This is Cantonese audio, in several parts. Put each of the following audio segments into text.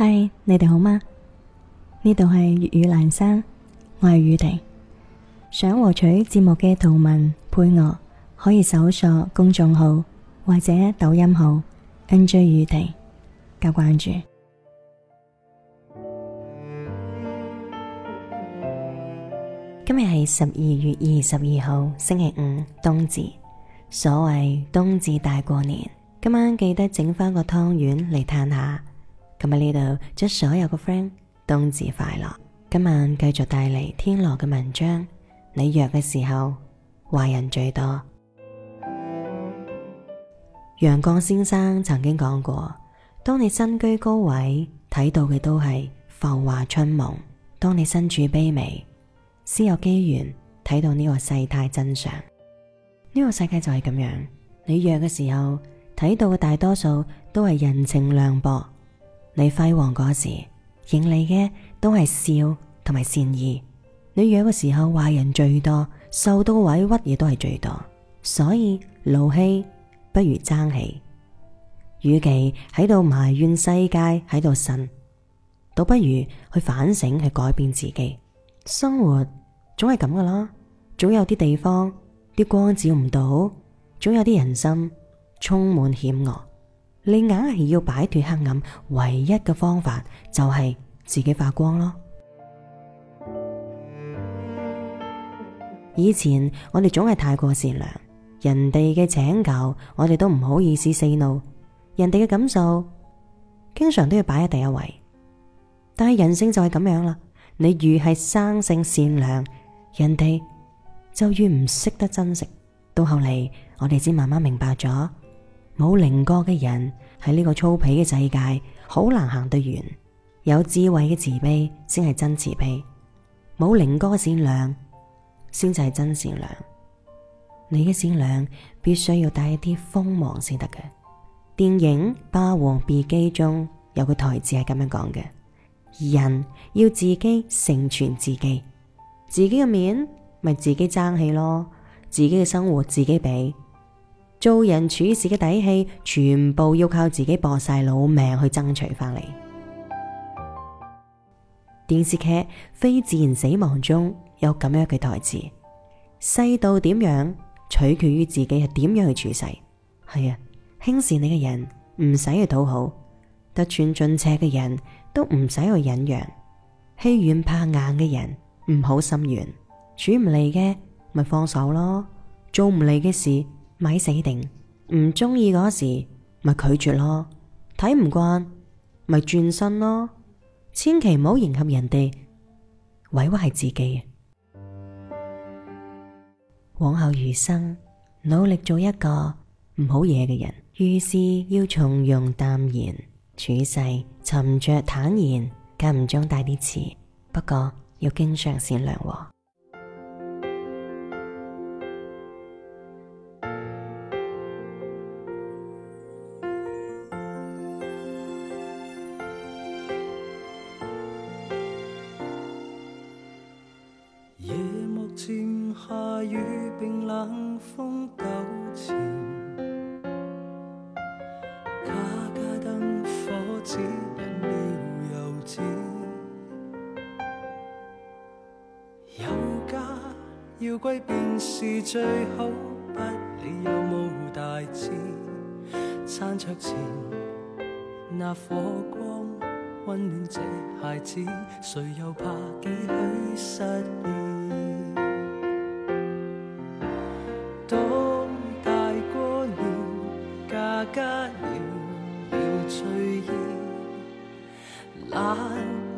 嗨，Hi, 你哋好嗎？呢度係粵語蘭生，我係宇婷。想獲取節目嘅圖文配樂，可以搜索公眾號或者抖音號 NJ 宇婷加關注。今日係十二月二十二號，星期五，冬至。所謂冬至大過年，今晚記得整翻個湯圓嚟嘆下。今日呢度祝所有嘅 friend 冬至快樂。今晚繼續帶嚟天樂嘅文章。你弱嘅時候，壞人最多。楊絳先生曾經講過：當你身居高位，睇到嘅都係浮華春夢；當你身處卑微，先有機緣睇到呢個世態真相。呢個世界就係咁樣，你弱嘅時候睇到嘅大多數都係人情涼薄。你輝煌嗰時，迎嚟嘅都係笑同埋善意；你弱嘅時候，壞人最多，受到委屈亦都係最多。所以，勞氣不如爭氣，與其喺度埋怨世界，喺度呻，倒不如去反省去改變自己。生活總係咁噶啦，總有啲地方啲光照唔到，總有啲人心充滿險惡。你硬係要擺脫黑暗，唯一嘅方法就係自己發光咯。以前我哋總係太過善良，人哋嘅請求我哋都唔好意思四怒，人哋嘅感受經常都要擺喺第一位。但係人性就係咁樣啦，你越係生性善良，人哋就越唔識得珍惜。到後嚟，我哋先慢慢明白咗。冇稜角嘅人喺呢個粗鄙嘅世界好難行得遠，有智慧嘅慈悲先係真慈悲，冇稜角嘅善良先至係真善良。你嘅善良必須要帶一啲鋒芒先得嘅。電影《霸王別姬》中有個台詞係咁樣講嘅：人要自己成全自己，自己嘅面咪自己爭氣咯，自己嘅生活自己俾。做人處事嘅底氣，全部要靠自己搏晒老命去爭取翻嚟。 電視劇《非自然死亡》中有咁樣嘅台詞：世道點樣，取決於自己係點樣去處世。係啊，輕視你嘅人唔使去討好，得寸進尺嘅人都唔使去忍讓，欺軟怕硬嘅人唔好心軟，處唔嚟嘅咪放手咯，做唔嚟嘅事。咪死定，唔中意嗰時咪拒絕咯，睇唔慣咪轉身咯，千祈唔好迎合人哋，委屈係自己啊。往後餘生，努力做一個唔好惹嘅人，遇事要從容淡然，處世沉着坦然，間唔中帶啲刺，不過要經常善良。大雨冰冷風糾纏，家家燈火指引了遊子。有家要歸便是最好，不理有無大志。餐桌前那火光溫暖這孩子，誰又怕幾許失意？當大過年，家家了了醉意，懶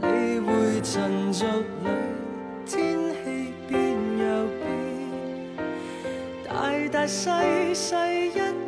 理會塵俗裏天氣變又變，大大細細一。